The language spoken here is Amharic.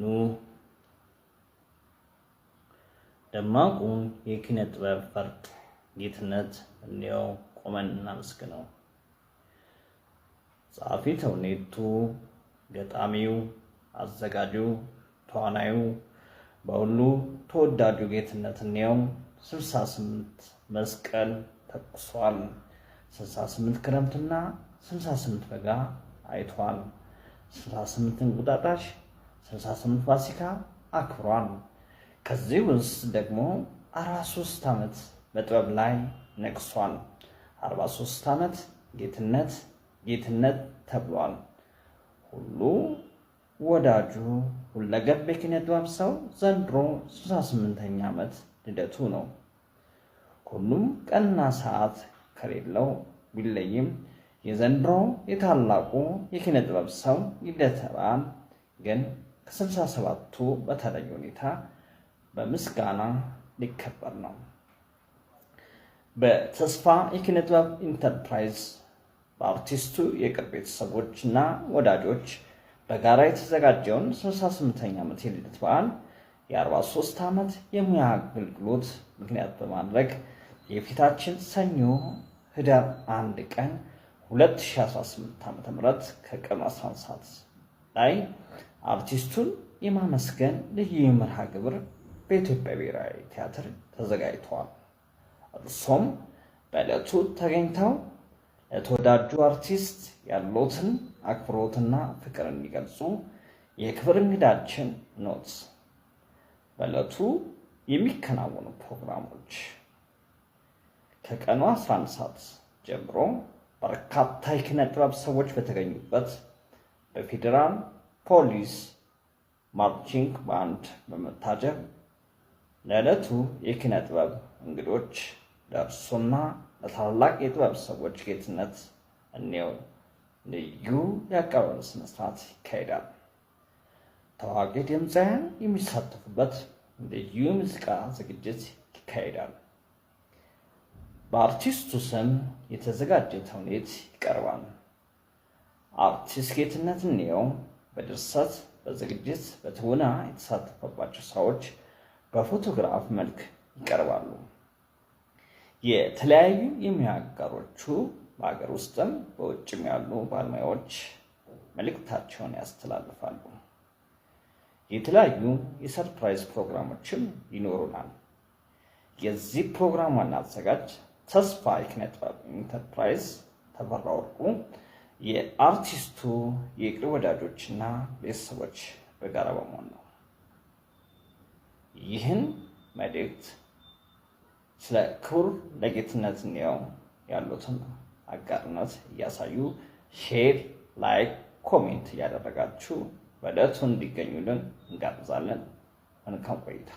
ኑ ደማቁ የኪነ ጥበብ ፈርጥ ጌትነት እንየው ቆመን እናመስግነው። ጸሐፊ ተውኔቱ፣ ገጣሚው፣ አዘጋጁ፣ ተዋናዩ በሁሉ ተወዳጁ ጌትነት እንየው 68 መስቀል ተኩሷል። 68 ክረምትና 68 በጋ አይቷል። 68 ስምንት እንቁጣጣሽ 68 ፋሲካ አክብሯል። ከዚህ ውስጥ ደግሞ 43 ዓመት በጥበብ ላይ ነግሷል። 43 ዓመት ጌትነት ጌትነት ተብሏል። ሁሉ ወዳጁ ሁለገብ የኪነ ጥበብ ሰው ዘንድሮ 68ኛ ዓመት ልደቱ ነው። ሁሉም ቀንና ሰዓት ከሌለው ቢለይም የዘንድሮ የታላቁ የኪነ ጥበብ ሰው ይለተባል ግን ከስልሳ ሰባቱ በተለየ ሁኔታ በምስጋና ሊከበር ነው። በተስፋ የኪነጥበብ ኢንተርፕራይዝ በአርቲስቱ የቅርብ ቤተሰቦች እና ወዳጆች በጋራ የተዘጋጀውን 68ኛ ዓመት የልደት በዓል የ43 ዓመት የሙያ አገልግሎት ምክንያት በማድረግ የፊታችን ሰኞ ህዳር 1 ቀን 2018 ዓ.ም ከቀኑ 11 ሰዓት ላይ አርቲስቱን የማመስገን ልዩ መርሃ ግብር በኢትዮጵያ ብሔራዊ ቲያትር ተዘጋጅተዋል። እርሶም በዕለቱ ተገኝተው ለተወዳጁ አርቲስት ያሉትን አክብሮትና ፍቅር እንዲገልጹ የክብር እንግዳችን ኖት። በዕለቱ የሚከናወኑ ፕሮግራሞች ከቀኑ 11 ሰዓት ጀምሮ በርካታ የኪነ ጥበብ ሰዎች በተገኙበት በፌዴራል ፖሊስ ማርቺንግ ባንድ በመታጀብ ለዕለቱ የኪነ ጥበብ እንግዶች ደርሶና ለታላላቅ የጥበብ ሰዎች ጌትነት እኔው ልዩ የአቀባበል ስነስርዓት ይካሄዳል። ታዋቂ ድምፃውያን የሚሳተፉበት ልዩ ሙዚቃ ዝግጅት ይካሄዳል። በአርቲስቱ ስም የተዘጋጀ ተውኔት ይቀርባል። አርቲስት እንየው በድርሰት በዝግጅት በትውና የተሳተፈባቸው ስራዎች በፎቶግራፍ መልክ ይቀርባሉ። የተለያዩ የሙያ አጋሮቹ በሀገር ውስጥም በውጭም ያሉ ባለሙያዎች መልእክታቸውን ያስተላልፋሉ። የተለያዩ የሰርፕራይዝ ፕሮግራሞችም ይኖሩናል። የዚህ ፕሮግራም ዋና አዘጋጅ ተስፋ የኪነ ኢንተርፕራይዝ ተፈራ ወርቁ የአርቲስቱ የቅርብ ወዳጆች እና ቤተሰቦች በጋራ በመሆን ነው። ይህን መልእክት ስለ ክቡር ለጌትነት እንየው ያሉትን አጋርነት እያሳዩ ሼር፣ ላይክ፣ ኮሜንት እያደረጋችሁ በእለቱ እንዲገኙልን እንጋብዛለን። መልካም ቆይታ